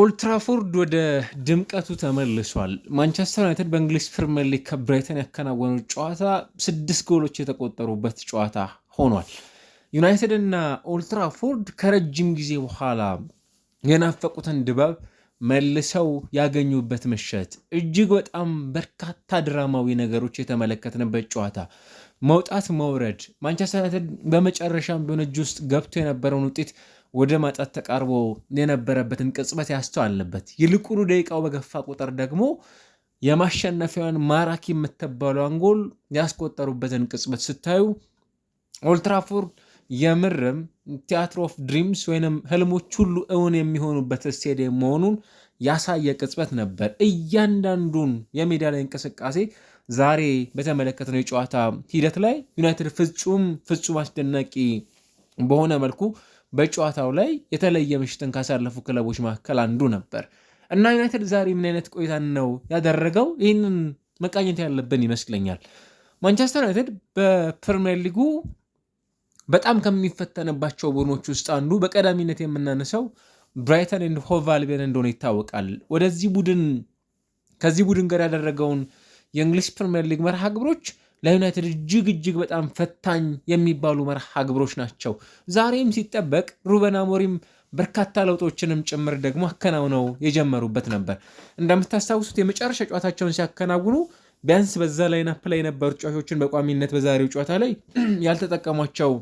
ኦልትራፎርድ ወደ ድምቀቱ ተመልሷል። ማንቸስተር ዩናይትድ በእንግሊዝ ፕሪምየር ሊግ ከብራይተን ያከናወነው ጨዋታ ስድስት ጎሎች የተቆጠሩበት ጨዋታ ሆኗል። ዩናይትድ እና ኦልትራፎርድ ከረጅም ጊዜ በኋላ የናፈቁትን ድባብ መልሰው ያገኙበት ምሽት፣ እጅግ በጣም በርካታ ድራማዊ ነገሮች የተመለከትንበት ጨዋታ፣ መውጣት መውረድ፣ ማንቸስተር ዩናይትድ በመጨረሻም ቢሆን እጅ ውስጥ ገብቶ የነበረውን ውጤት ወደ ማጣት ተቃርቦ የነበረበትን ቅጽበት ያስተው አለበት። ይልቁኑ ደቂቃው በገፋ ቁጥር ደግሞ የማሸነፊያውን ማራኪ የምትባለዋን ጎል ያስቆጠሩበትን ቅጽበት ስታዩ ኦልትራፎርድ የምርም ቲያትር ኦፍ ድሪምስ ወይም ህልሞች ሁሉ እውን የሚሆኑበት ስቴዲየም መሆኑን ያሳየ ቅጽበት ነበር። እያንዳንዱን የሜዳ ላይ እንቅስቃሴ ዛሬ በተመለከትነው የጨዋታ ሂደት ላይ ዩናይትድ ፍጹም ፍጹም አስደናቂ በሆነ መልኩ በጨዋታው ላይ የተለየ ምሽትን ካሳለፉ ክለቦች መካከል አንዱ ነበር እና ዩናይትድ ዛሬ ምን አይነት ቆይታን ነው ያደረገው? ይህንን መቃኘት ያለብን ይመስለኛል። ማንቸስተር ዩናይትድ በፕሪምየር ሊጉ በጣም ከሚፈተንባቸው ቡድኖች ውስጥ አንዱ በቀዳሚነት የምናነሳው ብራይተን ኤንድ ሆቭ አልቢዮን እንደሆነ ይታወቃል። ወደዚህ ቡድን ከዚህ ቡድን ጋር ያደረገውን የእንግሊዝ ፕሪምየር ሊግ መርሃ ግብሮች ለዩናይትድ እጅግ እጅግ በጣም ፈታኝ የሚባሉ መርሃ ግብሮች ናቸው። ዛሬም ሲጠበቅ ሩበን አሞሪም በርካታ ለውጦችንም ጭምር ደግሞ አከናውነው የጀመሩበት ነበር። እንደምታስታውሱት የመጨረሻ ጨዋታቸውን ሲያከናውኑ ቢያንስ በዛ ላይናፕ ላይ የነበሩ ተጫዋቾችን በቋሚነት በዛሬው ጨዋታ ላይ ያልተጠቀሟቸው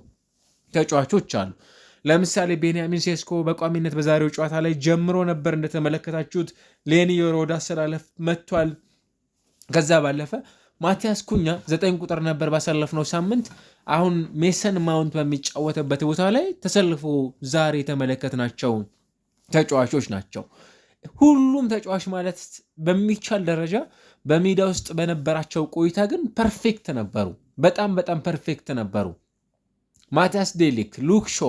ተጫዋቾች አሉ። ለምሳሌ ቤንያሚን ሴስኮ በቋሚነት በዛሬው ጨዋታ ላይ ጀምሮ ነበር። እንደተመለከታችሁት ሌኒ ዮሮ ወደ አሰላለፍ መጥቷል። ከዛ ባለፈ ማቲያስ ኩኛ ዘጠኝ ቁጥር ነበር ባሳለፍነው ሳምንት። አሁን ሜሰን ማውንት በሚጫወትበት ቦታ ላይ ተሰልፎ ዛሬ የተመለከትናቸው ተጫዋቾች ናቸው። ሁሉም ተጫዋች ማለት በሚቻል ደረጃ በሜዳ ውስጥ በነበራቸው ቆይታ ግን ፐርፌክት ነበሩ። በጣም በጣም ፐርፌክት ነበሩ። ማቲያስ ዴሊክ፣ ሉክ ሾ፣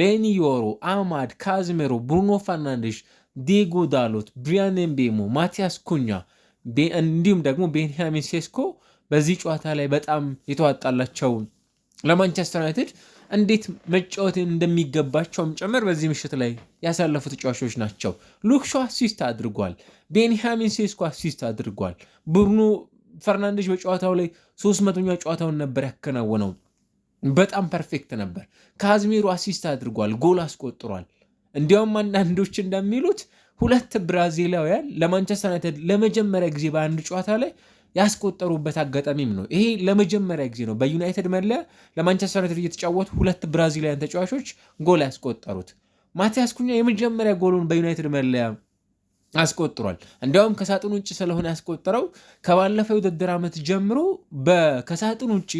ሌኒ ዮሮ፣ አማድ፣ ካዝሜሮ፣ ብሩኖ ፈርናንዴሽ፣ ዲጎ ዳሎት፣ ብሪያን ምቤሞ፣ ማቲያስ ኩኛ እንዲሁም ደግሞ ቤንያሚን ሴስኮ በዚህ ጨዋታ ላይ በጣም የተዋጣላቸው ለማንቸስተር ዩናይትድ እንዴት መጫወት እንደሚገባቸውም ጭምር በዚህ ምሽት ላይ ያሳለፉ ተጫዋቾች ናቸው። ሉክሾ አሲስት አድርጓል። ቤንያሚን ሴስኮ አሲስት አድርጓል። ብሩኖ ፈርናንዴዝ በጨዋታው ላይ ሶስት መቶኛ ጨዋታውን ነበር ያከናወነው። በጣም ፐርፌክት ነበር። ካዝሜሮ አሲስት አድርጓል፣ ጎል አስቆጥሯል። እንዲያውም አንዳንዶች እንደሚሉት ሁለት ብራዚላውያን ለማንቸስተር ዩናይትድ ለመጀመሪያ ጊዜ በአንድ ጨዋታ ላይ ያስቆጠሩበት አጋጣሚም ነው። ይሄ ለመጀመሪያ ጊዜ ነው በዩናይትድ መለያ ለማንቸስተር ዩናይትድ እየተጫወቱ ሁለት ብራዚላውያን ተጫዋቾች ጎል ያስቆጠሩት። ማቲያስ ኩኛ የመጀመሪያ ጎሉን በዩናይትድ መለያ አስቆጥሯል። እንዲያውም ከሳጥን ውጭ ስለሆነ ያስቆጠረው ከባለፈው የውድድር ዓመት ጀምሮ ከሳጥን ውጭ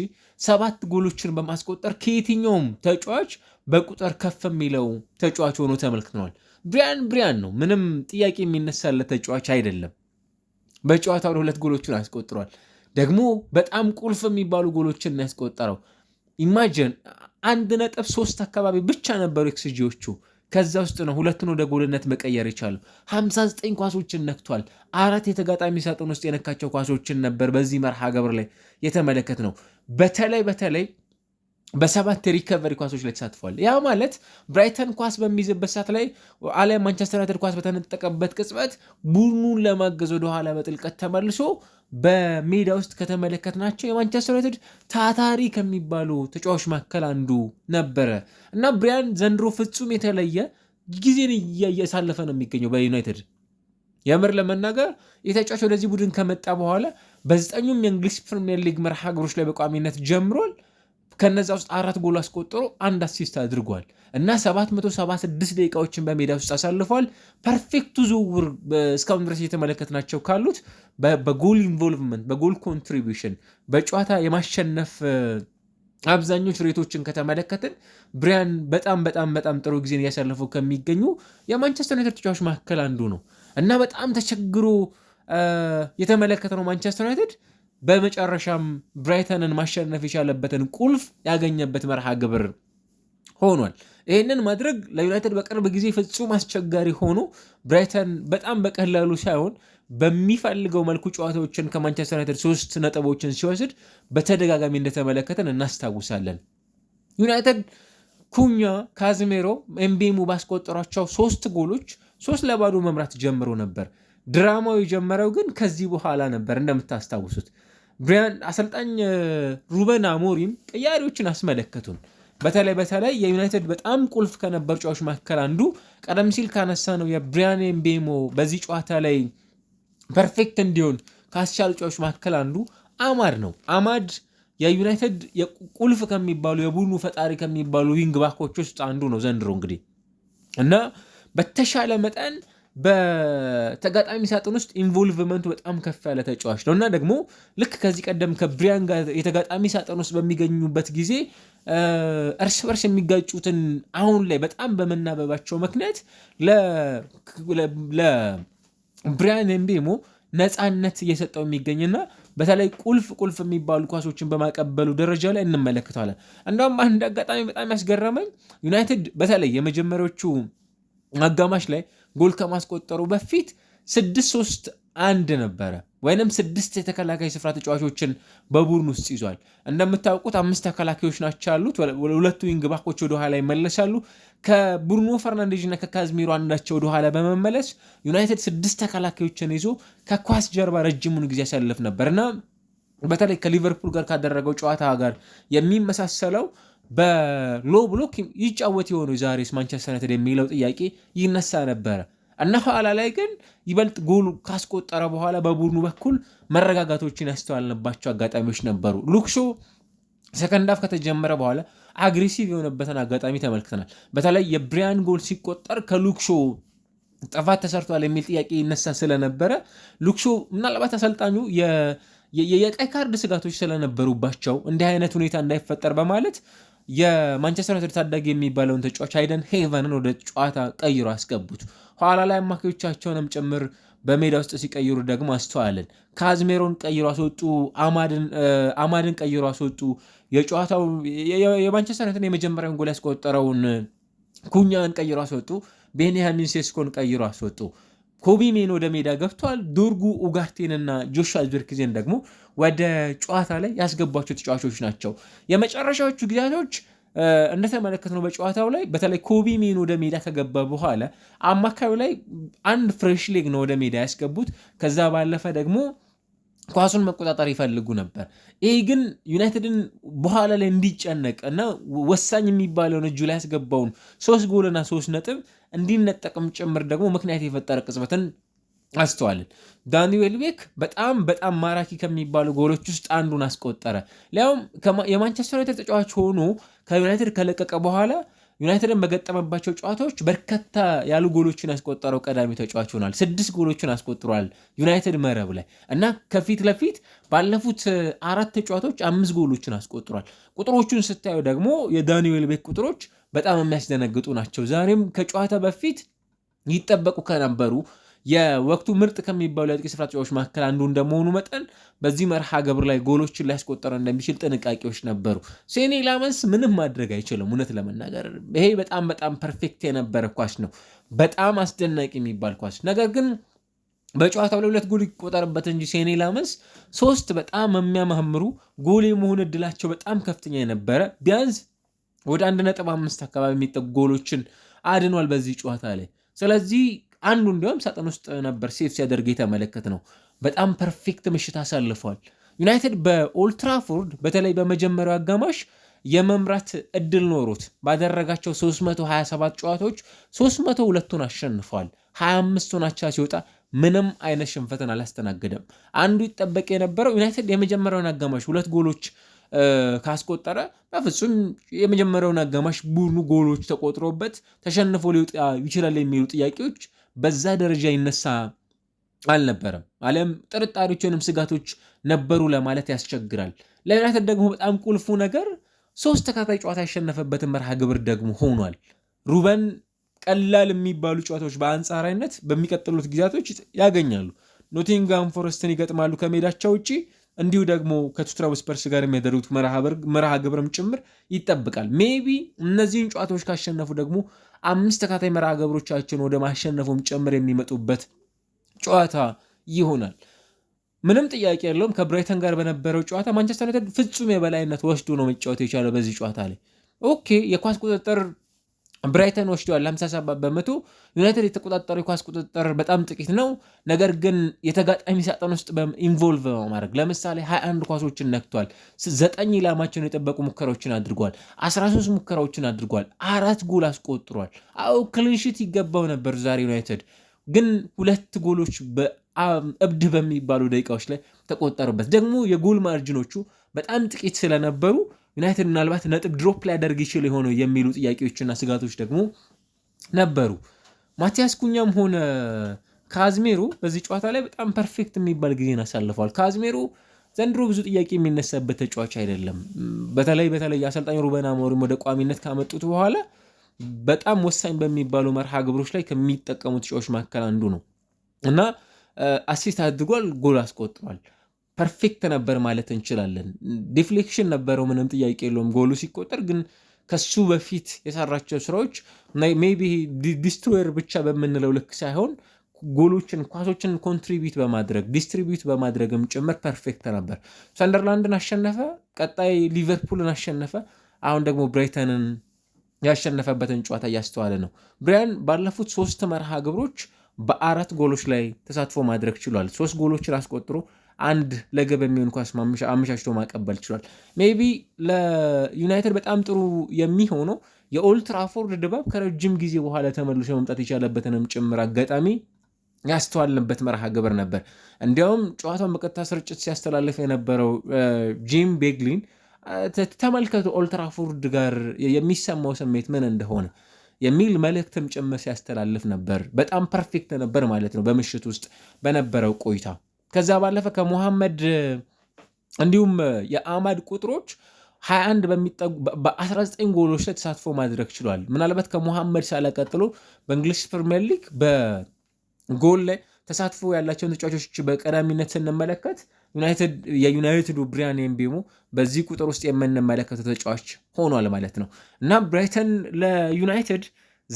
ሰባት ጎሎችን በማስቆጠር ከየትኛውም ተጫዋች በቁጥር ከፍ የሚለው ተጫዋች ሆኖ ተመልክተዋል። ብሪያን ብሪያን ነው። ምንም ጥያቄ የሚነሳለት ተጫዋች አይደለም። በጨዋታው ሁለት ጎሎችን አስቆጥሯል። ደግሞ በጣም ቁልፍ የሚባሉ ጎሎችን ያስቆጠረው። ኢማጅን አንድ ነጥብ ሶስት አካባቢ ብቻ ነበሩ ኤክስጂዎቹ። ከዛ ውስጥ ነው ሁለቱን ወደ ጎልነት መቀየር የቻሉ 59 ኳሶችን ነክቷል። አራት የተጋጣሚ ሳጥን ውስጥ የነካቸው ኳሶችን ነበር በዚህ መርሃ ግብር ላይ የተመለከት ነው። በተለይ በተለይ በሰባት ሪከቨሪ ኳሶች ላይ ተሳትፏል። ያ ማለት ብራይተን ኳስ በሚይዝበት ሰዓት ላይ አሊያ ማንቸስተር ዩናይትድ ኳስ በተነጠቀበት ቅጽበት ቡድኑን ለማገዝ ወደኋላ በጥልቀት ተመልሶ በሜዳ ውስጥ ከተመለከትናቸው የማንቸስተር ዩናይትድ ታታሪ ከሚባሉ ተጫዋች መካከል አንዱ ነበረ እና ብሪያን ዘንድሮ ፍጹም የተለየ ጊዜን እያሳለፈ ነው የሚገኘው በዩናይትድ የምር ለመናገር የተጫዋች ወደዚህ ቡድን ከመጣ በኋላ በዘጠኙም የእንግሊዝ ፕሪሚየር ሊግ መርሃ ግብሮች ላይ በቋሚነት ጀምሯል። ከነዛ ውስጥ አራት ጎል አስቆጥሮ አንድ አሲስት አድርጓል እና 776 ደቂቃዎችን በሜዳ ውስጥ አሳልፏል። ፐርፌክቱ ዝውውር እስካሁን ድረስ ናቸው ካሉት በጎል ኢንቮልቭመንት፣ በጎል ኮንትሪቢሽን፣ በጨዋታ የማሸነፍ አብዛኞች ሬቶችን ከተመለከትን ብሪያን በጣም በጣም በጣም ጥሩ ጊዜን እያሳለፉ ከሚገኙ የማንቸስተር ዩናይትድ ተጫዋች መካከል አንዱ ነው እና በጣም ተቸግሮ የተመለከተ ነው ማንቸስተር ዩናይትድ በመጨረሻም ብራይተንን ማሸነፍ የቻለበትን ቁልፍ ያገኘበት መርሃ ግብር ሆኗል። ይህንን ማድረግ ለዩናይትድ በቅርብ ጊዜ ፍጹም አስቸጋሪ ሆኖ ብራይተን በጣም በቀላሉ ሳይሆን በሚፈልገው መልኩ ጨዋታዎችን ከማንቸስተር ዩናይትድ ሶስት ነጥቦችን ሲወስድ በተደጋጋሚ እንደተመለከተን እናስታውሳለን። ዩናይትድ ኩኛ፣ ካዝሜሮ፣ ኤምቤሙ ባስቆጠሯቸው ሶስት ጎሎች ሶስት ለባዶ መምራት ጀምሮ ነበር። ድራማው የጀመረው ግን ከዚህ በኋላ ነበር እንደምታስታውሱት አሰልጣኝ ሩበን አሞሪም ቅያሪዎችን አስመለከቱን። በተለይ በተለይ የዩናይትድ በጣም ቁልፍ ከነበሩ ጨዋቾች መካከል አንዱ ቀደም ሲል ካነሳ ነው የብሪያን ምቤሞ በዚህ ጨዋታ ላይ ፐርፌክት እንዲሆን ካስቻሉ ጨዋቾች መካከል አንዱ አማድ ነው። አማድ የዩናይትድ ቁልፍ ከሚባሉ የቡድኑ ፈጣሪ ከሚባሉ ዊንግ ባኮች ውስጥ አንዱ ነው ዘንድሮ እንግዲህ እና በተሻለ መጠን በተጋጣሚ ሳጥን ውስጥ ኢንቮልቭመንቱ በጣም ከፍ ያለ ተጫዋች ነው እና ደግሞ ልክ ከዚህ ቀደም ከብሪያን ጋር የተጋጣሚ ሳጥን ውስጥ በሚገኙበት ጊዜ እርስ በርስ የሚጋጩትን አሁን ላይ በጣም በመናበባቸው ምክንያት ለብሪያን ኤምቤሞ ነፃነት እየሰጠው የሚገኝና በተለይ ቁልፍ ቁልፍ የሚባሉ ኳሶችን በማቀበሉ ደረጃ ላይ እንመለከተዋለን። እንደውም አንድ አጋጣሚ በጣም ያስገረመኝ ዩናይትድ በተለይ የመጀመሪያዎቹ አጋማሽ ላይ ጎል ከማስቆጠሩ በፊት ስድስት ሶስት አንድ ነበረ ወይንም ስድስት የተከላካይ ስፍራ ተጫዋቾችን በቡድን ውስጥ ይዟል። እንደምታውቁት አምስት ተከላካዮች ናቸው ያሉት። ሁለቱ ዊንግ ባኮች ወደ ኋላ ይመለሳሉ። ከብሩኖ ፈርናንዴዥ እና ከካዝሚሮ አንዳቸው ወደ ኋላ በመመለስ ዩናይትድ ስድስት ተከላካዮችን ይዞ ከኳስ ጀርባ ረጅሙን ጊዜ ያሳልፍ ነበር እና በተለይ ከሊቨርፑል ጋር ካደረገው ጨዋታ ጋር የሚመሳሰለው በሎ ብሎክ ይጫወት የሆኑ ዛሬስ ማንቸስተር ዩናይትድ የሚለው ጥያቄ ይነሳ ነበረ። እና ኋላ ላይ ግን ይበልጥ ጎል ካስቆጠረ በኋላ በቡድኑ በኩል መረጋጋቶችን ያስተዋልንባቸው አጋጣሚዎች ነበሩ። ሉክሾ ሰከንድ አፍ ከተጀመረ በኋላ አግሬሲቭ የሆነበትን አጋጣሚ ተመልክተናል። በተለይ የብሪያን ጎል ሲቆጠር ከሉክሾ ጥፋት ተሰርቷል የሚል ጥያቄ ይነሳ ስለነበረ ሉክሾ ምናልባት አሰልጣኙ የቀይ ካርድ ስጋቶች ስለነበሩባቸው እንዲህ አይነት ሁኔታ እንዳይፈጠር በማለት የማንቸስተር ዩናይትድ ታዳጊ የሚባለውን ተጫዋች አይደን ሄቨንን ወደ ጨዋታ ቀይሮ አስገቡት። ኋላ ላይ አማካዮቻቸውንም ጭምር በሜዳ ውስጥ ሲቀይሩ ደግሞ አስተዋልን። ካዝሜሮን ቀይሮ አስወጡ፣ አማድን ቀይሮ አስወጡ። የጨዋታው የማንቸስተር ዩናይትድ የመጀመሪያውን ጎል ያስቆጠረውን ኩኛን ቀይሮ አስወጡ። ቤንያሚን ሴስኮን ቀይሮ አስወጡ። ኮቢሜን ወደ ሜዳ ገብተዋል። ዶርጉ ኡጋርቴንና ጆሹዋ ዚርክዜን ደግሞ ወደ ጨዋታ ላይ ያስገቧቸው ተጫዋቾች ናቸው። የመጨረሻዎቹ ጊዜያቶች እንደተመለከትነው በጨዋታው ላይ በተለይ ኮቢ ሜን ወደ ሜዳ ከገባ በኋላ አማካዩ ላይ አንድ ፍሬሽ ሌግ ነው ወደ ሜዳ ያስገቡት። ከዛ ባለፈ ደግሞ ኳሱን መቆጣጠር ይፈልጉ ነበር። ይህ ግን ዩናይትድን በኋላ ላይ እንዲጨነቅ እና ወሳኝ የሚባለውን እጁ ላይ ያስገባውን ሶስት ጎልና ሶስት ነጥብ እንዲነጠቅም ጭምር ደግሞ ምክንያት የፈጠረ ቅጽበትን አስተዋልን። ዳኒ ዌልቤክ በጣም በጣም ማራኪ ከሚባሉ ጎሎች ውስጥ አንዱን አስቆጠረ። ሊያውም የማንቸስተር ዩናይትድ ተጫዋች ሆኖ ከዩናይትድ ከለቀቀ በኋላ ዩናይትድን በገጠመባቸው ጨዋታዎች በርካታ ያሉ ጎሎችን ያስቆጠረው ቀዳሚ ተጫዋች ሆኗል። ስድስት ጎሎችን አስቆጥሯል ዩናይትድ መረብ ላይ እና ከፊት ለፊት ባለፉት አራት ጨዋታዎች አምስት ጎሎችን አስቆጥሯል። ቁጥሮቹን ስታዩ ደግሞ የዳኒ ዌልቤክ ቁጥሮች በጣም የሚያስደነግጡ ናቸው። ዛሬም ከጨዋታ በፊት ይጠበቁ ከነበሩ የወቅቱ ምርጥ ከሚባሉ የአጥቂ ስፍራ ተጫዋቾች መካከል አንዱ እንደመሆኑ መጠን በዚህ መርሃ ግብር ላይ ጎሎችን ሊያስቆጠረ እንደሚችል ጥንቃቄዎች ነበሩ። ሴኔ ላመንስ ምንም ማድረግ አይችልም። እውነት ለመናገር ይሄ በጣም በጣም ፐርፌክት የነበረ ኳስ ነው። በጣም አስደናቂ የሚባል ኳስ ነገር ግን በጨዋታው ላይ ሁለት ጎል ይቆጠርበት እንጂ ሴኔ ላመንስ ሶስት በጣም የሚያማምሩ ጎል የመሆን እድላቸው በጣም ከፍተኛ የነበረ ቢያንስ ወደ አንድ ነጥብ አምስት አካባቢ የሚጠጉ ጎሎችን አድኗል በዚህ ጨዋታ ላይ ስለዚህ አንዱ እንዲሁም ሳጥን ውስጥ ነበር ሴፍ ሲያደርግ የተመለከት ነው። በጣም ፐርፌክት ምሽት አሳልፏል። ዩናይትድ በኦልትራፎርድ በተለይ በመጀመሪያው አጋማሽ የመምራት እድል ኖሮት ባደረጋቸው 327 ጨዋታዎች 302ቱን አሸንፏል። 25ቱን አቻ ሲወጣ ምንም አይነት ሽንፈትን አላስተናገደም። አንዱ ይጠበቅ የነበረው ዩናይትድ የመጀመሪያውን አጋማሽ ሁለት ጎሎች ካስቆጠረ በፍጹም የመጀመሪያውን አጋማሽ ቡድኑ ጎሎች ተቆጥሮበት ተሸንፎ ሊወጣ ይችላል የሚሉ ጥያቄዎች በዛ ደረጃ ይነሳ አልነበረም። አለም ጥርጣሬዎች ወይም ስጋቶች ነበሩ ለማለት ያስቸግራል። ለዩናይትድ ደግሞ በጣም ቁልፉ ነገር ሶስት ተከታታይ ጨዋታ ያሸነፈበትን መርሃ ግብር ደግሞ ሆኗል። ሩበን ቀላል የሚባሉ ጨዋታዎች በአንጻራዊነት በሚቀጥሉት ጊዜያቶች ያገኛሉ። ኖቲንግሃም ፎረስትን ይገጥማሉ ከሜዳቸው ውጪ እንዲሁ ደግሞ ከቱትራ ስፐርስ ጋር የሚያደርጉት መርሃ ግብርም ጭምር ይጠብቃል። ሜቢ እነዚህን ጨዋታዎች ካሸነፉ ደግሞ አምስት ተካታይ መርሃ ግብሮቻቸውን ወደ ማሸነፉም ጭምር የሚመጡበት ጨዋታ ይሆናል። ምንም ጥያቄ የለውም። ከብራይተን ጋር በነበረው ጨዋታ ማንቸስተር ዩናይትድ ፍጹም የበላይነት ወስዶ ነው መጫወት የቻለው በዚህ ጨዋታ ላይ ኦኬ የኳስ ቁጥጥር ብራይተን ወስደዋል 57 በመቶ። ዩናይትድ የተቆጣጠሩ የኳስ ቁጥጥር በጣም ጥቂት ነው፣ ነገር ግን የተጋጣሚ ሳጥን ውስጥ ኢንቮልቭ በማድረግ ለምሳሌ 21 ኳሶችን ነክቷል፣ ዘጠኝ ኢላማቸውን የጠበቁ ሙከራዎችን አድርጓል፣ 13 ሙከራዎችን አድርጓል፣ አራት ጎል አስቆጥሯል። አዎ ክሊንሺት ይገባው ነበር ዛሬ ዩናይትድ ግን ሁለት ጎሎች እብድ በሚባሉ ደቂቃዎች ላይ ተቆጠሩበት። ደግሞ የጎል ማርጅኖቹ በጣም ጥቂት ስለነበሩ ዩናይትድ ምናልባት ነጥብ ድሮፕ ሊያደርግ ይችል የሆነው የሚሉ ጥያቄዎችና ስጋቶች ደግሞ ነበሩ። ማቲያስ ኩኛም ሆነ ካዝሜሮ በዚህ ጨዋታ ላይ በጣም ፐርፌክት የሚባል ጊዜን አሳልፈዋል። ካዝሜሮ ዘንድሮ ብዙ ጥያቄ የሚነሳበት ተጫዋች አይደለም። በተለይ በተለይ አሰልጣኝ ሩበን አሞሪም ወደ ቋሚነት ካመጡት በኋላ በጣም ወሳኝ በሚባሉ መርሃ ግብሮች ላይ ከሚጠቀሙ ተጫዋች መካከል አንዱ ነው እና አሲስት አድርጓል፣ ጎል አስቆጥሯል። ፐርፌክት ነበር ማለት እንችላለን። ዲፍሌክሽን ነበረው፣ ምንም ጥያቄ የለውም ጎሉ ሲቆጠር ግን ከሱ በፊት የሰራቸው ስራዎች ሜቢ ዲስትሮየር ብቻ በምንለው ልክ ሳይሆን ጎሎችን፣ ኳሶችን ኮንትሪቢዩት በማድረግ ዲስትሪቢዩት በማድረግም ጭምር ፐርፌክት ነበር። ሰንደርላንድን አሸነፈ፣ ቀጣይ ሊቨርፑልን አሸነፈ፣ አሁን ደግሞ ብራይተንን ያሸነፈበትን ጨዋታ እያስተዋለ ነው። ብሪያን ባለፉት ሶስት መርሃ ግብሮች በአራት ጎሎች ላይ ተሳትፎ ማድረግ ችሏል። ሶስት ጎሎችን አስቆጥሮ አንድ ለግብ የሚሆን ኳስ አመቻችቶ ማቀበል ችሏል። ሜቢ ለዩናይትድ በጣም ጥሩ የሚሆነው የኦልትራፎርድ ድባብ ከረጅም ጊዜ በኋላ ተመልሶ መምጣት የቻለበትንም ጭምር አጋጣሚ ያስተዋልንበት መርሃ ግብር ነበር። እንዲያውም ጨዋታውን በቀጥታ ስርጭት ሲያስተላልፍ የነበረው ጂም ቤግሊን ተመልከቱ ኦልትራፎርድ ጋር የሚሰማው ስሜት ምን እንደሆነ የሚል መልእክትም ጭምር ሲያስተላልፍ ነበር። በጣም ፐርፌክት ነበር ማለት ነው በምሽት ውስጥ በነበረው ቆይታ ከዛ ባለፈ ከሙሐመድ እንዲሁም የአማድ ቁጥሮች 21 በሚጠጉ በ19 ጎሎች ላይ ተሳትፎ ማድረግ ችሏል። ምናልባት ከሙሐመድ ሳላ ቀጥሎ በእንግሊዝ ፕሪሚየር ሊግ በጎል ላይ ተሳትፎ ያላቸውን ተጫዋቾች በቀዳሚነት ስንመለከት የዩናይትዱ ብሪያን ኤምቤሞ በዚህ ቁጥር ውስጥ የምንመለከተው ተጫዋች ሆኗል ማለት ነው እና ብራይተን ለዩናይትድ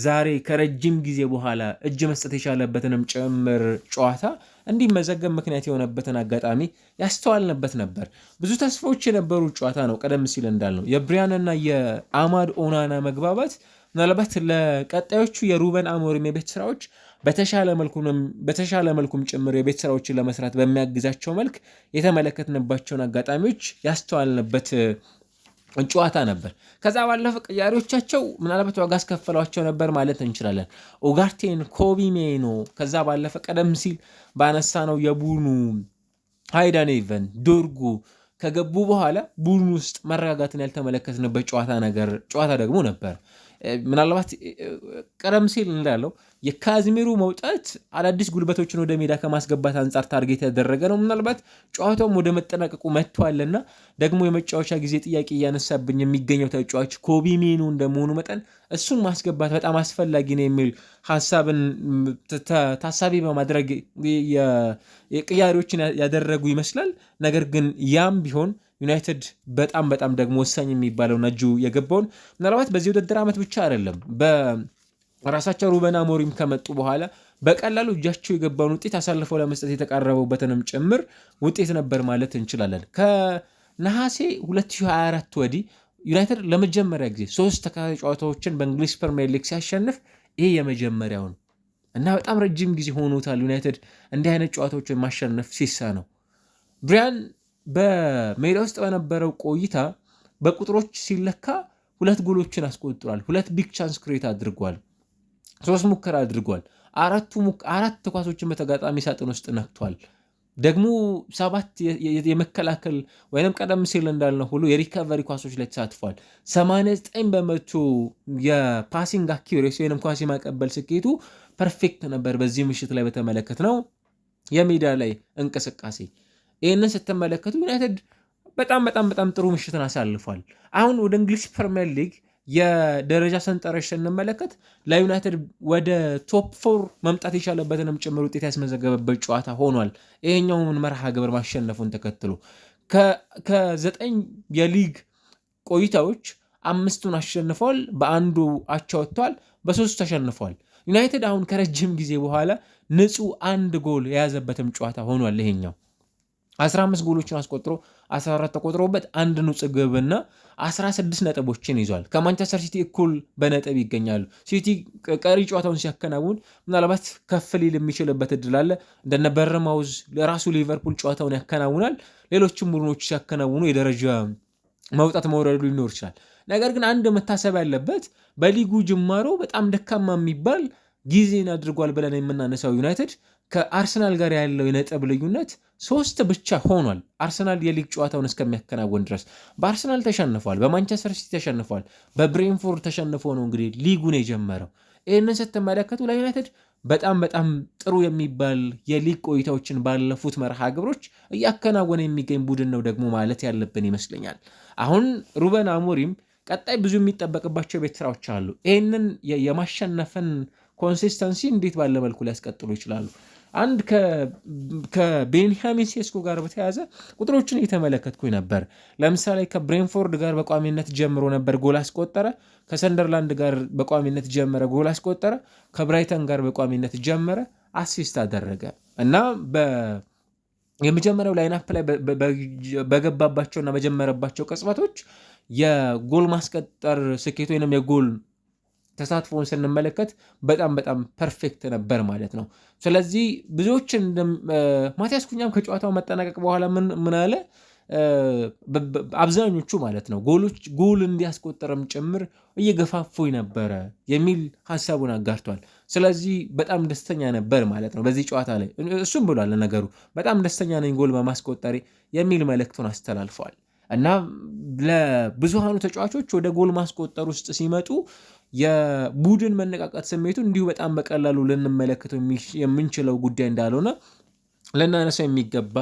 ዛሬ ከረጅም ጊዜ በኋላ እጅ መስጠት የቻለበትንም ጭምር ጨዋታ እንዲመዘገብ ምክንያት የሆነበትን አጋጣሚ ያስተዋልንበት ነበር። ብዙ ተስፋዎች የነበሩ ጨዋታ ነው። ቀደም ሲል እንዳልነው የብሪያንና የአማድ ኦናና መግባባት ምናልባት ለቀጣዮቹ የሩበን አሞሪም የቤት ስራዎች በተሻለ መልኩም ጭምር የቤት ስራዎችን ለመስራት በሚያግዛቸው መልክ የተመለከትንባቸውን አጋጣሚዎች ያስተዋልንበት ጨዋታ ነበር። ከዛ ባለፈ ቀያሪዎቻቸው ምናልባት ዋጋ አስከፈሏቸው ነበር ማለት እንችላለን። ኦጋርቴን፣ ኮቢ ሜኖ፣ ከዛ ባለፈ ቀደም ሲል ባነሳ ነው የቡኑ ሃይዳኔቨን ዶርጉ ከገቡ በኋላ ቡኑ ውስጥ መረጋጋትን ያልተመለከትንበት ጨዋታ ነገር ጨዋታ ደግሞ ነበር። ምናልባት ቀደም ሲል እንዳለው የካዝሚሩ መውጣት አዳዲስ ጉልበቶችን ወደ ሜዳ ከማስገባት አንጻር ታርጌት ያደረገ ነው። ምናልባት ጨዋታውም ወደ መጠናቀቁ መጥቷልና ደግሞ የመጫወቻ ጊዜ ጥያቄ እያነሳብኝ የሚገኘው ተጫዋች ኮቢ ሜኑ እንደመሆኑ መጠን እሱን ማስገባት በጣም አስፈላጊ ነው የሚል ሀሳብን ታሳቢ በማድረግ ቅያሪዎችን ያደረጉ ይመስላል። ነገር ግን ያም ቢሆን ዩናይትድ በጣም በጣም ደግሞ ወሳኝ የሚባለው ነጁ የገባውን ምናልባት በዚህ ውድድር ዓመት ብቻ አይደለም በራሳቸው ሩበን አሞሪም ከመጡ በኋላ በቀላሉ እጃቸው የገባውን ውጤት አሳልፈው ለመስጠት የተቃረበውበትንም ጭምር ውጤት ነበር ማለት እንችላለን። ከነሐሴ 2024 ወዲህ ዩናይትድ ለመጀመሪያ ጊዜ ሶስት ተከታታይ ጨዋታዎችን በእንግሊዝ ፕሪሚየር ሊግ ሲያሸንፍ ይሄ የመጀመሪያው ነው እና በጣም ረጅም ጊዜ ሆኖታል ዩናይትድ እንዲህ አይነት ጨዋታዎችን ማሸነፍ ሲሳ ነው ብሪያን በሜዳ ውስጥ በነበረው ቆይታ በቁጥሮች ሲለካ ሁለት ጎሎችን አስቆጥሯል። ሁለት ቢግ ቻንስ ክሬት አድርጓል። ሶስት ሙከራ አድርጓል። አራቱ አራት ኳሶችን በተጋጣሚ ሳጥን ውስጥ ነክቷል። ደግሞ ሰባት የመከላከል ወይም ቀደም ሲል እንዳልነው ሁሉ የሪካቨሪ ኳሶች ላይ ተሳትፏል። 89 በመቶ የፓሲንግ አኪሬሲ ወይም ኳስ የማቀበል ስኬቱ ፐርፌክት ነበር። በዚህ ምሽት ላይ በተመለከት ነው የሜዳ ላይ እንቅስቃሴ ይህንን ስትመለከቱ ዩናይትድ በጣም በጣም በጣም ጥሩ ምሽትን አሳልፏል። አሁን ወደ እንግሊዝ ፕሪምየር ሊግ የደረጃ ሰንጠረዥ ስንመለከት ለዩናይትድ ወደ ቶፕ ፎር መምጣት የቻለበትንም ጭምር ውጤት ያስመዘገበበት ጨዋታ ሆኗል። ይሄኛውን መርሃ ግብር ማሸነፉን ተከትሎ ከዘጠኝ የሊግ ቆይታዎች አምስቱን አሸንፏል በአንዱ አቻ በሶስቱ ተሸንፏል። ዩናይትድ አሁን ከረጅም ጊዜ በኋላ ንጹህ አንድ ጎል የያዘበትም ጨዋታ ሆኗል ይሄኛው 15 ጎሎችን አስቆጥሮ 14 ተቆጥሮበት አንድ ንጹሕ ግብና 16 ነጥቦችን ይዟል። ከማንቸስተር ሲቲ እኩል በነጥብ ይገኛሉ። ሲቲ ቀሪ ጨዋታውን ሲያከናውን ምናልባት ከፍ ሊል የሚችልበት እድል አለ። እንደነ በርማውዝ ለራሱ ሊቨርፑል ጨዋታውን ያከናውናል። ሌሎችም ቡድኖች ሲያከናውኑ የደረጃ መውጣት መውረዱ ሊኖር ይችላል። ነገር ግን አንድ መታሰብ ያለበት በሊጉ ጅማሮ በጣም ደካማ የሚባል ጊዜን አድርጓል ብለን የምናነሳው ዩናይትድ ከአርሰናል ጋር ያለው የነጥብ ልዩነት ሶስት ብቻ ሆኗል። አርሰናል የሊግ ጨዋታውን እስከሚያከናወን ድረስ በአርሰናል ተሸንፏል፣ በማንቸስተር ሲቲ ተሸንፏል፣ በብሬንፎርድ ተሸንፎ ነው እንግዲህ ሊጉን የጀመረው። ይህንን ስትመለከቱ ለዩናይትድ በጣም በጣም ጥሩ የሚባል የሊግ ቆይታዎችን ባለፉት መርሃ ግብሮች እያከናወነ የሚገኝ ቡድን ነው ደግሞ ማለት ያለብን ይመስለኛል። አሁን ሩበን አሞሪም ቀጣይ ብዙ የሚጠበቅባቸው ቤት ስራዎች አሉ። ይህንን የማሸነፍን ኮንሲስተንሲ እንዴት ባለ መልኩ ሊያስቀጥሉ ይችላሉ? አንድ ከቤንያሚን ሴስኮ ጋር በተያዘ ቁጥሮችን እየተመለከትኩኝ ነበር። ለምሳሌ ከብሬንፎርድ ጋር በቋሚነት ጀምሮ ነበር፣ ጎል አስቆጠረ። ከሰንደርላንድ ጋር በቋሚነት ጀመረ፣ ጎል አስቆጠረ። ከብራይተን ጋር በቋሚነት ጀመረ፣ አሲስት አደረገ እና የመጀመሪያው ላይናፕ ላይ በገባባቸውና በጀመረባቸው ቅጽበቶች የጎል ማስቆጠር ስኬት ወይም የጎል ተሳትፎውን ስንመለከት በጣም በጣም ፐርፌክት ነበር ማለት ነው። ስለዚህ ብዙዎችን ማቲያስ ኩኛም ከጨዋታው መጠናቀቅ በኋላ ምን አለ? አብዛኞቹ ማለት ነው ጎሎች ጎል እንዲያስቆጠርም ጭምር እየገፋፉኝ ነበረ የሚል ሀሳቡን አጋርቷል። ስለዚህ በጣም ደስተኛ ነበር ማለት ነው በዚህ ጨዋታ ላይ እሱም ብሏል። ለነገሩ በጣም ደስተኛ ነኝ ጎል በማስቆጠሬ የሚል መልእክቱን አስተላልፏል። እና ለብዙሃኑ ተጫዋቾች ወደ ጎል ማስቆጠር ውስጥ ሲመጡ የቡድን መነቃቃት ስሜቱ እንዲሁ በጣም በቀላሉ ልንመለከተው የምንችለው ጉዳይ እንዳልሆነ ልናነሳው የሚገባ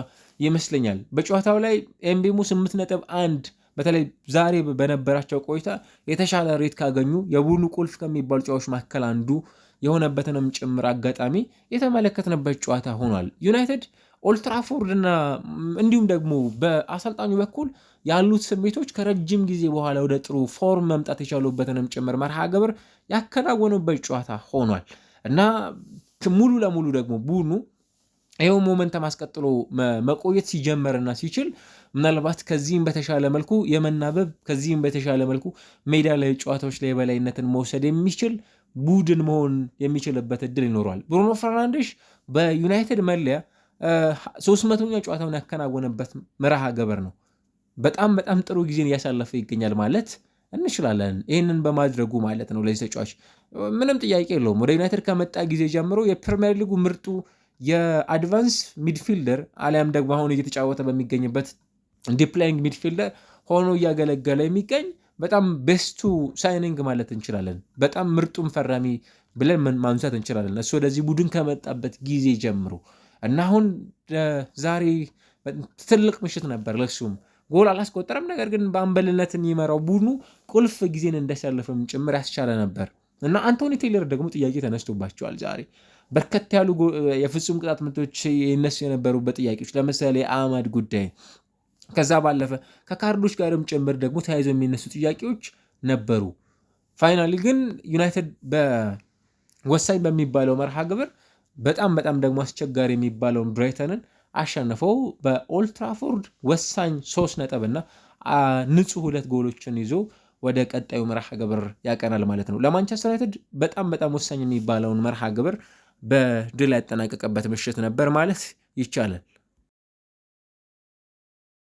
ይመስለኛል። በጨዋታው ላይ ኤምቤሞ ስምንት ነጥብ አንድ በተለይ ዛሬ በነበራቸው ቆይታ የተሻለ ሬት ካገኙ የቡድኑ ቁልፍ ከሚባሉ ጨዋቾች መካከል አንዱ የሆነበትንም ጭምር አጋጣሚ የተመለከትንበት ጨዋታ ሆኗል ዩናይትድ ኦልትራፎርድና እንዲሁም ደግሞ በአሰልጣኙ በኩል ያሉት ስሜቶች ከረጅም ጊዜ በኋላ ወደ ጥሩ ፎርም መምጣት የቻሉበትንም ጭምር መርሃ ግብር ያከናወኑበት ጨዋታ ሆኗል እና ሙሉ ለሙሉ ደግሞ ቡድኑ ይኸው ሞመንተም አስቀጥሎ መቆየት ሲጀመርና ሲችል ምናልባት ከዚህም በተሻለ መልኩ የመናበብ ከዚህም በተሻለ መልኩ ሜዳ ላይ ጨዋታዎች ላይ የበላይነትን መውሰድ የሚችል ቡድን መሆን የሚችልበት እድል ይኖረዋል። ብሩኖ ፈርናንዴሽ በዩናይትድ መለያ ሶስት ጨዋታውን ያከናወነበት መርሃ ግብር ነው። በጣም በጣም ጥሩ ጊዜን እያሳለፈ ይገኛል ማለት እንችላለን። ይህንን በማድረጉ ማለት ነው ለዚህ ተጫዋች ምንም ጥያቄ የለውም። ወደ ዩናይትድ ከመጣ ጊዜ ጀምሮ የፕሪሚየር ሊጉ ምርጡ የአድቫንስ ሚድፊልደር አሊያም ደግሞ አሁን እየተጫወተ በሚገኝበት ዲፕላይንግ ሚድፊልደር ሆኖ እያገለገለ የሚገኝ በጣም ቤስቱ ሳይኒንግ ማለት እንችላለን። በጣም ምርጡም ፈራሚ ብለን ማንሳት እንችላለን። እሱ ወደዚህ ቡድን ከመጣበት ጊዜ ጀምሮ እና አሁን ዛሬ ትልቅ ምሽት ነበር ለሱም ጎል አላስቆጠረም። ነገር ግን በአምበልነትን የሚመራው ቡድኑ ቁልፍ ጊዜን እንደሸለፈም ጭምር ያስቻለ ነበር እና አንቶኒ ቴይለር ደግሞ ጥያቄ ተነስቶባቸዋል ዛሬ በርከት ያሉ የፍጹም ቅጣት ምቶች ይነሱ የነበሩበት ጥያቄዎች፣ ለምሳሌ የአማድ ጉዳይ፣ ከዛ ባለፈ ከካርዶች ጋርም ጭምር ደግሞ ተያይዘው የሚነሱ ጥያቄዎች ነበሩ። ፋይናሊ ግን ዩናይትድ በወሳኝ በሚባለው መርሃ ግብር በጣም በጣም ደግሞ አስቸጋሪ የሚባለውን ብራይተንን አሸንፈው በኦልትራፎርድ ወሳኝ ሶስት ነጥብና ንጹህ ሁለት ጎሎችን ይዞ ወደ ቀጣዩ መርሃ ግብር ያቀናል ማለት ነው። ለማንቸስተር ዩናይትድ በጣም በጣም ወሳኝ የሚባለውን መርሃ ግብር በድል ያጠናቀቀበት ምሽት ነበር ማለት ይቻላል።